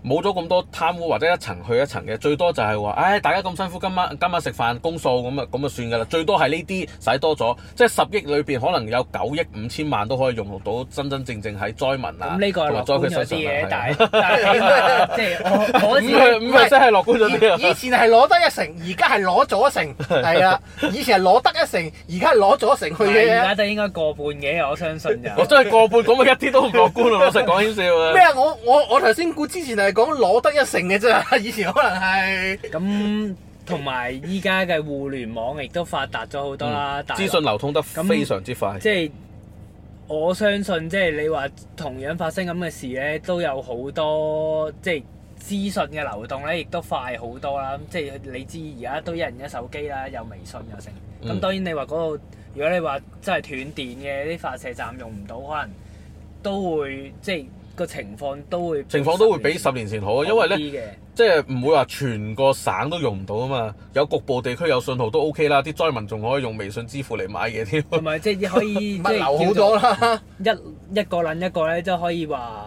冇咗咁多貪污或者一層去一層嘅，最多就係話，唉，大家咁辛苦，今晚今晚食飯公數咁啊，咁啊算㗎啦。最多係呢啲使多咗，即係十億裏邊可能有九億五千萬都可以用到真真正正喺災民啊，過半咗啲嘢，但係但係即係我我唔係，唔係真係樂觀咗啲，以前係攞得一成，而家係攞咗成，係啊！以前係攞得一成，而家係攞咗成去嘅。而家都應該過半嘅，我相信我真係過半，咁咪一啲都唔樂觀啊！老實講笑啊！咩啊？我我我頭先估之前係。講攞得一成嘅啫，以前可能係咁，同埋依家嘅互聯網亦都發達咗好多啦。資訊、嗯、大陸流通得非常之快。即係我相信，即係你話同樣發生咁嘅事咧，都有好多即係資訊嘅流動咧，亦都快好多啦。即係你知，而家都一人一手機啦，有微信又成。咁、嗯、當然你話嗰度，如果你話真係斷電嘅，啲發射站用唔到，可能都會即係。個情況都會情況都會比十年前好，前好，因為咧，的即係唔會話全個省都用唔到啊嘛。有局部地區有信號都 OK 啦，啲災民仲可以用微信支付嚟買嘢添。同埋有 即係可以物流好咗啦，一一個撚一個咧，即係可以話。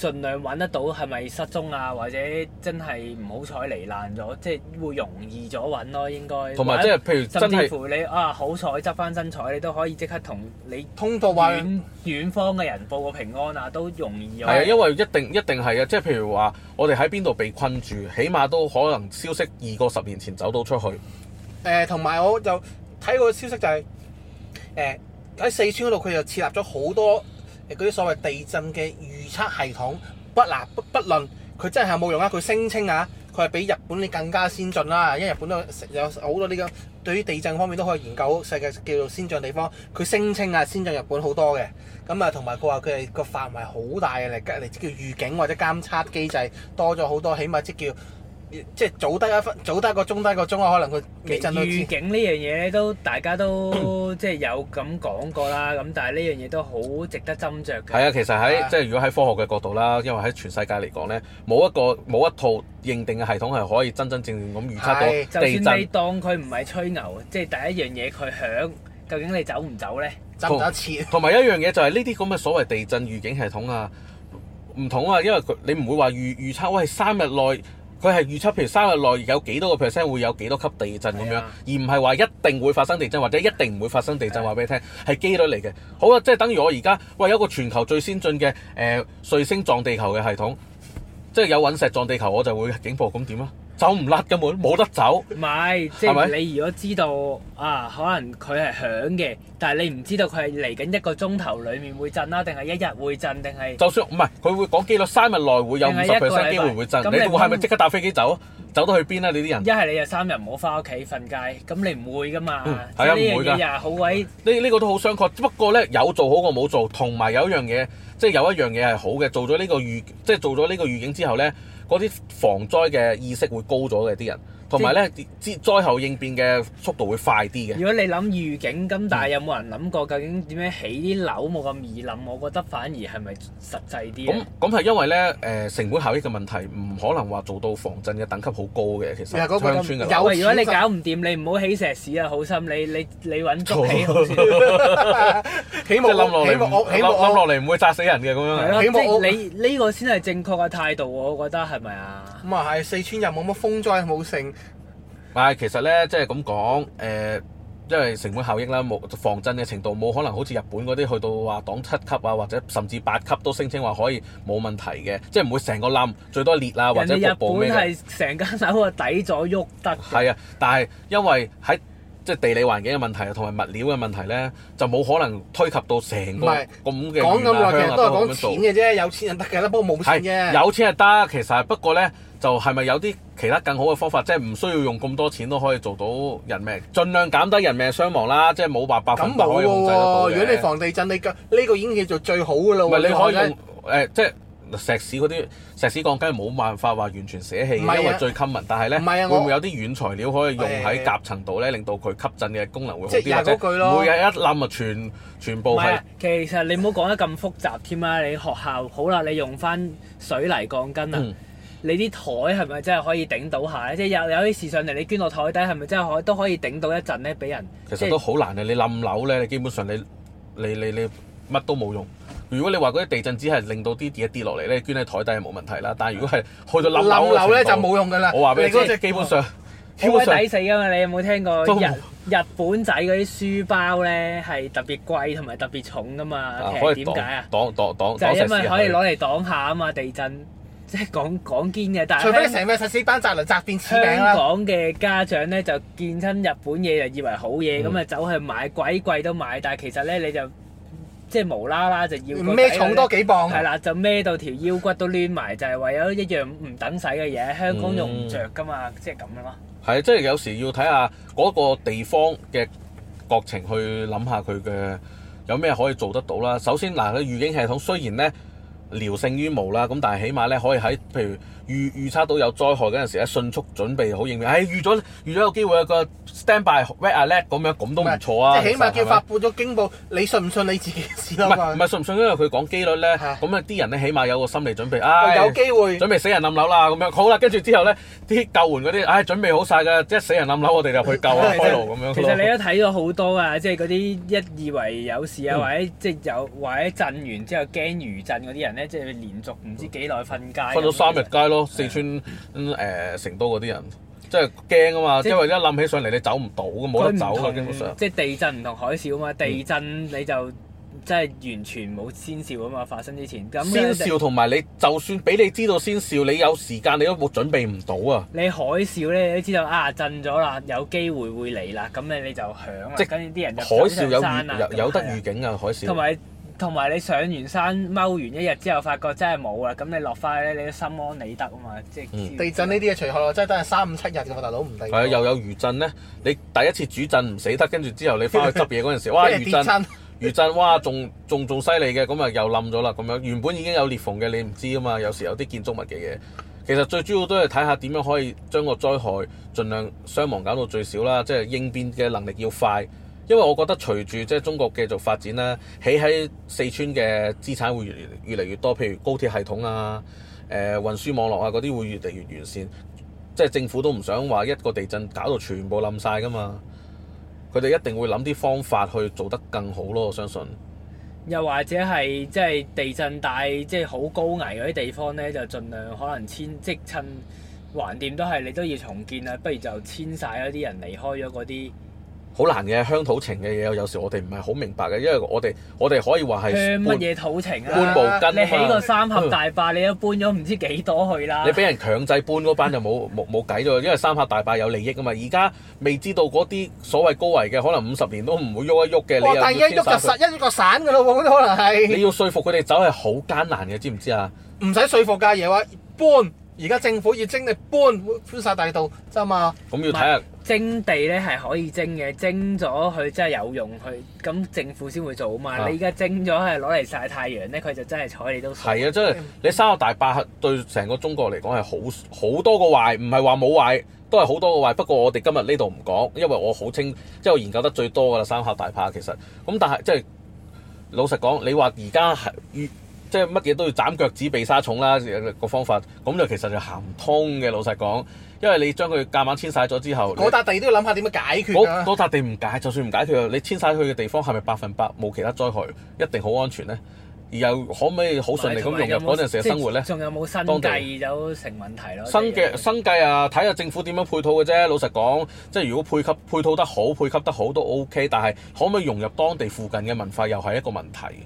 盡量揾得到係咪失蹤啊，或者真係唔好彩罹難咗，即係會容易咗揾咯，應該。同埋即係譬如真係，甚至乎你啊好彩執返身彩，你都可以即刻同你通過遠遠方嘅人報個平安啊，都容易。係啊，因為一定一定係啊，即係譬如話，我哋喺邊度被困住，起碼都可能消息二個十年前走到出去。誒、呃，同埋我就睇過消息就係誒喺四川嗰度，佢就設立咗好多。嗰啲所謂地震嘅預測系統不嗱不不論佢真係冇用啦，佢聲稱啊，佢係比日本你更加先進啦，因為日本都有好多呢、呢個對於地震方面都可以研究世界叫做先進地方，佢聲稱啊先進日本好多嘅，咁啊同埋佢話佢係個範圍好大嘅嚟嚟即叫預警或者監測機制多咗好多，起碼即叫。即係早得一分，早得一個鐘，低一個鐘啊！可能佢地震預警呢樣嘢都大家都即係有咁講過啦。咁但係呢樣嘢都好值得斟酌嘅。係啊，其實喺即係如果喺科學嘅角度啦，因為喺全世界嚟講咧，冇一個冇一套認定嘅系統係可以真真正正咁預測到地震。就算你當佢唔係吹牛，即係第一樣嘢佢響，究竟你走唔走咧？震多次。同埋一樣嘢就係呢啲咁嘅所謂地震預警系統啊，唔同啊，因為佢你唔會話預預測喎，係三日內。佢係預測譬如三日內有幾多個 percent 會有幾多級地震咁樣，的而唔係話一定會發生地震或者一定唔會發生地震。話俾的你聽係機率嚟嘅。好啦，即係等於我而家喂有個全球最先進嘅誒彗星撞地球嘅系統，即係有隕石撞地球我就會警報，咁點啊？走唔甩嘅門，冇得走。唔係，即係你如果知道吧啊，可能佢係響嘅，但係你唔知道佢係嚟緊一個鐘頭裡面會震啦、啊，定係一日會震，定係就算唔係，佢會講機率三日內會有五十 percent 機會會震，你會係咪即刻搭飛機走？走到去邊啊？你啲人一係你啊，三日唔好返屋企瞓街，咁你唔會噶嘛？呢樣嘢啊，好鬼呢呢個都好相確，不過咧有做好過冇做，同埋有，有一樣嘢，即係有一樣嘢係好嘅，做咗呢個預，即係做咗呢個預警之後咧。就是嗰啲防災嘅意識會高咗嘅啲人。同埋咧，災後應變嘅速度會快啲嘅。如果你諗預警，咁但係有冇人諗過究竟點樣起啲樓冇咁易冧？我覺得反而係咪實際啲？咁咁係因為咧，誒成本效益嘅問題，唔可能話做到防震嘅等級好高嘅。其實係啊，嗰個鄉村嘅。喂，如果你搞唔掂，你唔好起石屎啊！好心你你你揾竹起好先。起冧落嚟，唔會砸死人嘅。咁樣起，你呢個先係正確嘅態度喎。我覺得，係咪啊？咁，係四川又冇乜風災，冇剩但係其實咧，即係咁講，誒、呃，因為成本效益啦，冇防震嘅程度冇可能好似日本嗰啲去到話擋七級啊，或者甚至八級都聲稱話可以冇問題嘅，即係唔會成個冧，最多裂啊或者日本係成間樓啊抵咗喐得。係啊，但係因為喺即係地理環境嘅問題同埋物料嘅問題咧，就冇可能推及到成個咁嘅、啊。講咁耐其實都係講錢嘅啫，有錢人得嘅啦，不過冇錢嘅。有錢啊得，其實不過咧。就係咪有啲其他更好嘅方法，即係唔需要用咁多錢都可以做到人命，盡量減低人命傷亡啦。即係冇百百分咁控制得到嘅、啊、如果你防地震，你呢個已經叫做最好嘅啦。唔係你可以用誒、嗯呃，即係石屎嗰啲石屎鋼筋冇辦法話完全捨棄，啊、因為最親民。但係咧，唔係啊，會唔會有啲軟材料可以用喺夾層度咧，令到佢吸震嘅功能會好啲啊？嗰句咯。每日一冧啊，全全部係、啊。其實你唔好講得咁複雜添、啊、啦。你學校好啦，你用翻水泥鋼筋啊。嗯你啲台係咪真係可以頂到下咧？即係有有啲事上嚟，你捐落台底，係咪真係可都可以頂到一陣咧？俾、就是、人其實都好難嘅。你冧樓咧，你基本上你你你你乜都冇用。如果你話嗰啲地震只係令到啲一跌落嚟咧，捐喺台底係冇問題啦。但如果係去到冧樓，冧樓咧就冇用噶啦。我話俾你，嗰隻、就是、基本上，喔、基本上抵死噶嘛。你有冇聽過日、日本仔嗰啲書包咧係特別貴同埋特別重噶嘛？點解啊？擋擋擋就因為可以攞嚟擋下啊嘛地震。即係講講堅嘅，但係除非你成日實施班責能責變簽名啦。香港嘅家長咧就見親日本嘢就以為好嘢，咁啊走去買，鬼貴都買，但係其實咧你就即係無啦啦就要。孭重多幾磅？係啦，就孭到條腰骨都攣埋，就係為咗一樣唔等使嘅嘢。香港用唔著㗎嘛，即係咁咯。係啊，即係有時要睇下嗰個地方嘅國情去諗下佢嘅有咩可以做得到啦。首先嗱，佢預警系統雖然咧。聊勝於無啦，咁但係起碼咧可以喺譬如。預預測到有災害嗰陣時咧，迅速準備好應變。誒、哎、預咗預咗有機會個 standby red alert 是咁樣，咁都唔錯啊！即係起碼叫發布咗警報，你信唔信你自己事啦？唔係唔係信唔信？因為佢講機率咧，咁啊啲人咧起碼有個心理準備。誒、哎、有機會準備死人冧樓啦咁樣。好啦，跟住之後咧，啲救援嗰啲，誒、哎、準備好晒嘅，即係死人冧樓，我哋就去救啊開路咁 的樣。其實你都睇咗好多啊，即係嗰啲一以為有事啊，嗯、或者即係有或者震完之後驚餘震嗰啲人咧，即、就、係、是、連續唔知幾耐瞓街。瞓咗三日街咯～四川誒、嗯呃、成都嗰啲人，即係驚啊嘛！即因為一諗起上嚟，你走唔到，冇得走啊！基本上，即係地震唔同海嘯啊嘛！地震你就即係完全冇先兆啊嘛！發生之前，咁、就是、先兆同埋你就算俾你知道先兆，你有時間你都冇準備唔到啊！你海嘯咧，你知道啊，震咗啦，有機會會嚟啦，咁你你就響啊！即係啲人海嘯有有，有，有，有得預警啊，海嘯。同埋你上完山踎完一日之後，發覺真係冇啦，咁你落翻咧，你都心安理得啊嘛。即係、嗯、地震呢啲嘢，除開我真係得三五七日嘅，大佬唔定。啊，又有餘震咧。你第一次主震唔死得，跟住之後你翻去執嘢嗰陣時，哇餘震餘 震哇仲仲仲犀利嘅，咁啊又冧咗啦。咁樣原本已經有裂縫嘅，你唔知啊嘛。有時有啲建築物嘅嘢，其實最主要都係睇下點樣可以將個災害盡量傷亡搞到最少啦。即係應變嘅能力要快。因為我覺得隨住即係中國繼續發展咧，起喺四川嘅資產會越嚟越嚟越多，譬如高鐵系統啊、誒運輸網絡啊嗰啲會越嚟越完善。即係政府都唔想話一個地震搞到全部冧晒㗎嘛，佢哋一定會諗啲方法去做得更好咯。我相信。又或者係即係地震帶即係好高危嗰啲地方呢，就儘量可能遷，即係趁橫掂都係你都要重建啊，不如就遷晒嗰啲人離開咗嗰啲。好難嘅鄉土情嘅嘢，有時我哋唔係好明白嘅，因為我哋我哋可以話係乜嘢土情啊？搬冇根、啊，你起個三峽大壩，嗯、你都搬咗唔知幾多去啦。你俾人強制搬嗰班就冇冇冇計咗， 因為三峽大壩有利益啊嘛。而家未知道嗰啲所謂高危嘅，可能五十年都唔會喐一喐嘅。哦、你又但係一喐就實，一喐就散噶咯喎，可能係。你要說服佢哋走係好艱難嘅，知唔知啊？唔使說服家爺話搬。而家政府要徵地搬搬晒大道，啫嘛。咁要睇下，徵地咧係可以徵嘅，徵咗佢真係有用，佢咁政府先會做啊嘛。的你而家徵咗佢攞嚟晒太陽咧，佢就真係睬你都。係啊，真、就、係、是、你三峽大炮對成個中國嚟講係好好多個壞，唔係話冇壞，都係好多個壞。不過我哋今日呢度唔講，因為我好清，即、就、係、是、我研究得最多噶啦，三峽大炮其實。咁但係即係老實講，你話而家係。即係乜嘢都要斬腳趾避沙蟲啦，個方法咁就其實就行唔通嘅。老實講，因為你將佢夾硬遷晒咗之後，嗰笪地都要諗下點樣解決啦、啊。嗰笪地唔解，就算唔解決，你遷晒佢嘅地方係咪百分百冇其他災害，一定好安全咧？而又可唔可以好順利咁融入嗰陣時嘅生活咧？仲有冇新生計有成問題咯？新計生計啊，睇下政府點樣配套嘅啫。老實講，即係如果配給配套得好，配給得好都 OK，但係可唔可以融入當地附近嘅文化又係一個問題。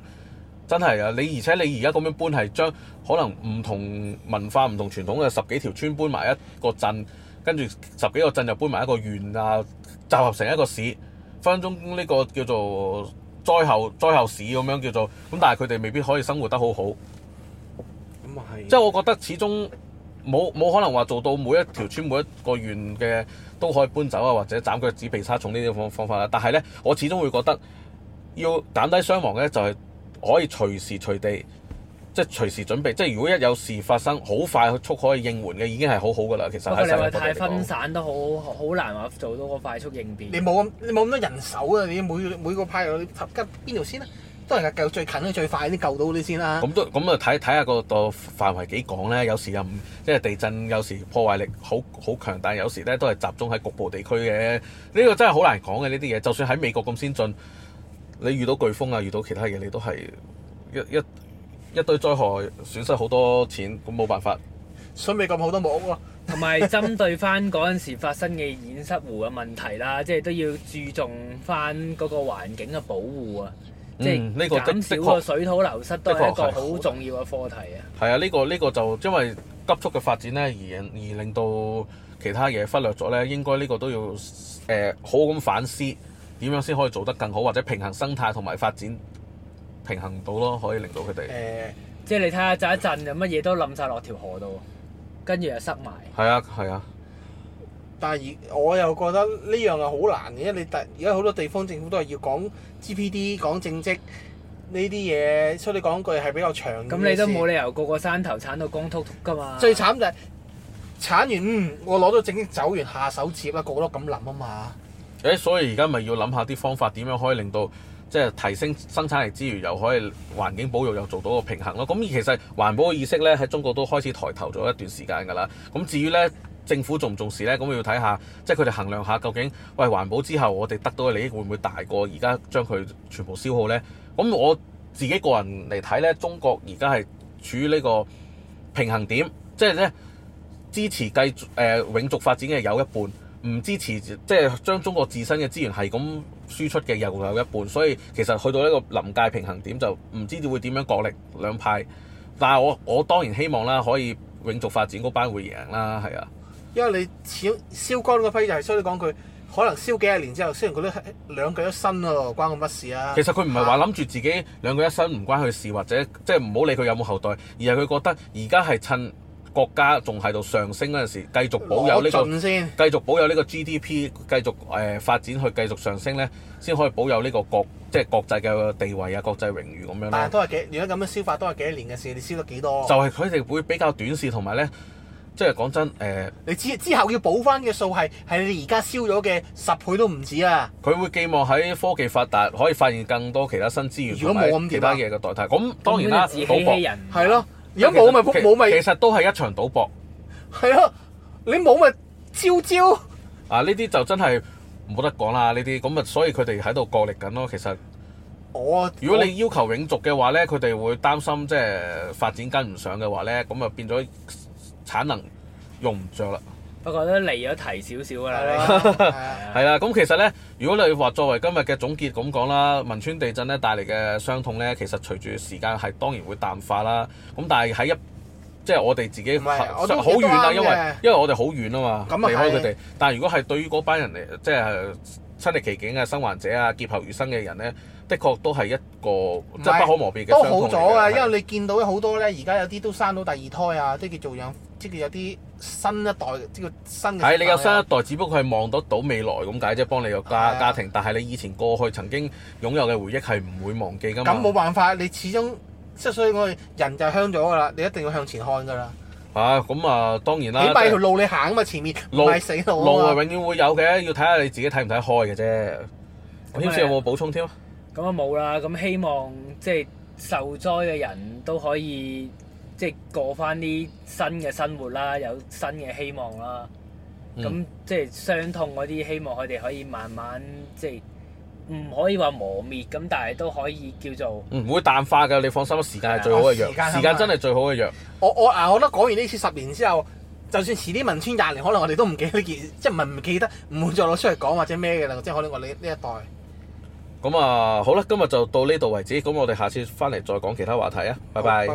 真係啊！你而且你而家咁樣搬係將可能唔同文化、唔同傳統嘅十幾條村搬埋一個鎮，跟住十幾個鎮又搬埋一個縣啊，集合成一個市，分分鐘呢個叫做災後災後市咁樣叫做咁，但係佢哋未必可以生活得好好。咁啊係，即係我覺得始終冇冇可能話做到每一條村、每一個縣嘅都可以搬走啊，或者斬腳趾、避沙蟲呢啲方方法啦。但係咧，我始終會覺得要減低傷亡咧，就係、是。可以隨時隨地，即係隨時準備。即係如果一有事發生，好快速可以應援嘅，已經係好好噶啦。其實喺新加坡嚟講，太分散都好好難話做到個快速應變。你冇咁，你冇咁多人手啊！你每每個派去集跟邊度先啊？都係救最近、最快啲救到你先啦。咁都咁啊？睇睇下個範圍幾廣咧。有時又唔，即係地震有時破壞力好好強，但係有時咧都係集中喺局部地區嘅。呢個真係好難講嘅呢啲嘢。就算喺美國咁先進。你遇到颶風啊，遇到其他嘢，你都係一一一堆災害，損失好多錢，咁冇辦法。相比咁好多冇屋啊，同埋針對翻嗰陣時發生嘅淹失湖嘅問題啦， 即係都要注重翻嗰個環境嘅保護啊，即係減少個水土流失都係一個好重要嘅課題啊。係啊、嗯，呢、這個呢、這個就因為急速嘅發展咧，而而令到其他嘢忽略咗咧，應該呢個都要誒、呃、好好咁反思。點樣先可以做得更好，或者平衡生態同埋發展平衡到咯？可以令到佢哋誒，即係你睇下一陣就乜嘢都冧晒落條河度，跟住又塞埋。係啊，係啊。但係而我又覺得呢樣係好難嘅，因為你第而家好多地方政府都係要講 GPD、講政績呢啲嘢，所以你講句係比較長。咁你都冇理由個個山頭剷到光禿禿㗎嘛？最慘就係剷完，嗯，我攞到政績走完，下手接啦，個個都咁諗啊嘛。所以而家咪要諗下啲方法點樣可以令到即係提升生產力之餘又可以環境保育又做到個平衡咯。咁其實環保嘅意識咧，喺中國都開始抬頭咗一段時間噶啦。咁至於咧，政府重唔重視咧，咁我要睇下，即係佢哋衡量下究竟，喂，環保之後我哋得到嘅利益會唔會大過而家將佢全部消耗咧？咁我自己個人嚟睇咧，中國而家係處於呢個平衡點，即係咧，支持繼續誒、呃、永續發展嘅有一半。唔支持即係、就是、將中國自身嘅資源係咁輸出嘅又有一半，所以其實去到一個臨界平衡點就唔知道會點樣角力兩派。但係我我當然希望啦，可以永續發展嗰班會贏啦，係啊。因為你燒燒乾嗰批就係所以講佢可能燒幾十年之後，雖然佢都係兩腳一伸喎，關我乜事啊？其實佢唔係話諗住自己兩腳一伸唔關佢事，或者即係唔好理佢有冇後代，而係佢覺得而家係趁。國家仲喺度上升嗰陣時，繼續保有呢、呢個，先繼續保有呢個 GDP，繼續誒、呃、發展去繼續上升咧，先可以保有呢個國，即係國際嘅地位啊、國際榮譽咁樣咯。但都係幾，如果咁樣消化都係幾年嘅事，你燒得幾多？就係佢哋會比較短視，同埋咧，即係講真誒。呃、你之之後要補翻嘅數係係你而家燒咗嘅十倍都唔止啊！佢會寄望喺科技發達，可以發現更多其他新資源，如果冇咁其他嘢嘅代替，咁當然啦，自欺欺人係咯。如果冇咪冇咪，其實都係一場賭博。係啊，你冇咪招招。朝朝啊！呢啲就真係冇得講啦，呢啲咁啊，所以佢哋喺度角力緊咯。其實，我如果你要求永續嘅話咧，佢哋會擔心即係發展跟唔上嘅話咧，咁啊變咗產能用唔着啦。不過都離咗題少少㗎啦，係啦吧。咁 其實咧，如果你話作為今日嘅總結咁講啦，汶川地震咧帶嚟嘅傷痛咧，其實隨住時間係當然會淡化啦。咁但係喺一即係我哋自己好遠啦、啊，因為、嗯、的因為我哋好遠啊嘛，咁離開佢哋。但係如果係對於嗰班人嚟，即係親歷其境嘅生還者啊、劫後餘生嘅人咧，的確都係一個是即係不可磨滅嘅傷痛嚟嘅。都好咗啊，因為你見到好多咧，而家有啲都生到第二胎啊，都叫做養。即係有啲新一代，即係新。係你有新一代，只不過係望得到未來咁解啫，幫你個家家庭。啊、但係你以前過去曾經擁有嘅回憶係唔會忘記噶嘛。咁冇辦法，你始終即係所以我哋人就向咗噶啦，你一定要向前看噶啦。啊，咁啊，當然啦。起埋條路你行啊嘛，前面路死路啊嘛，路永遠會有嘅，要睇下你自己睇唔睇開嘅啫。天少、嗯嗯、有冇補充添？咁啊冇啦，咁、嗯、希望即係受災嘅人都可以。即係過翻啲新嘅生活啦，有新嘅希望啦。咁、嗯、即係傷痛嗰啲，希望佢哋可以慢慢即係唔可以話磨滅，咁但係都可以叫做唔、嗯、會淡化㗎，你放心。時間係最好嘅藥，時間真係最好嘅藥。我我啊，我覺得講完呢次十年之後，就算遲啲汶川廿年，可能我哋都唔記得呢件，即係唔係唔記得，唔會再攞出嚟講或者咩嘅啦。即係可能我哋呢一代咁啊，好啦，今日就到呢度為止。咁我哋下次翻嚟再講其他話題啊，拜拜。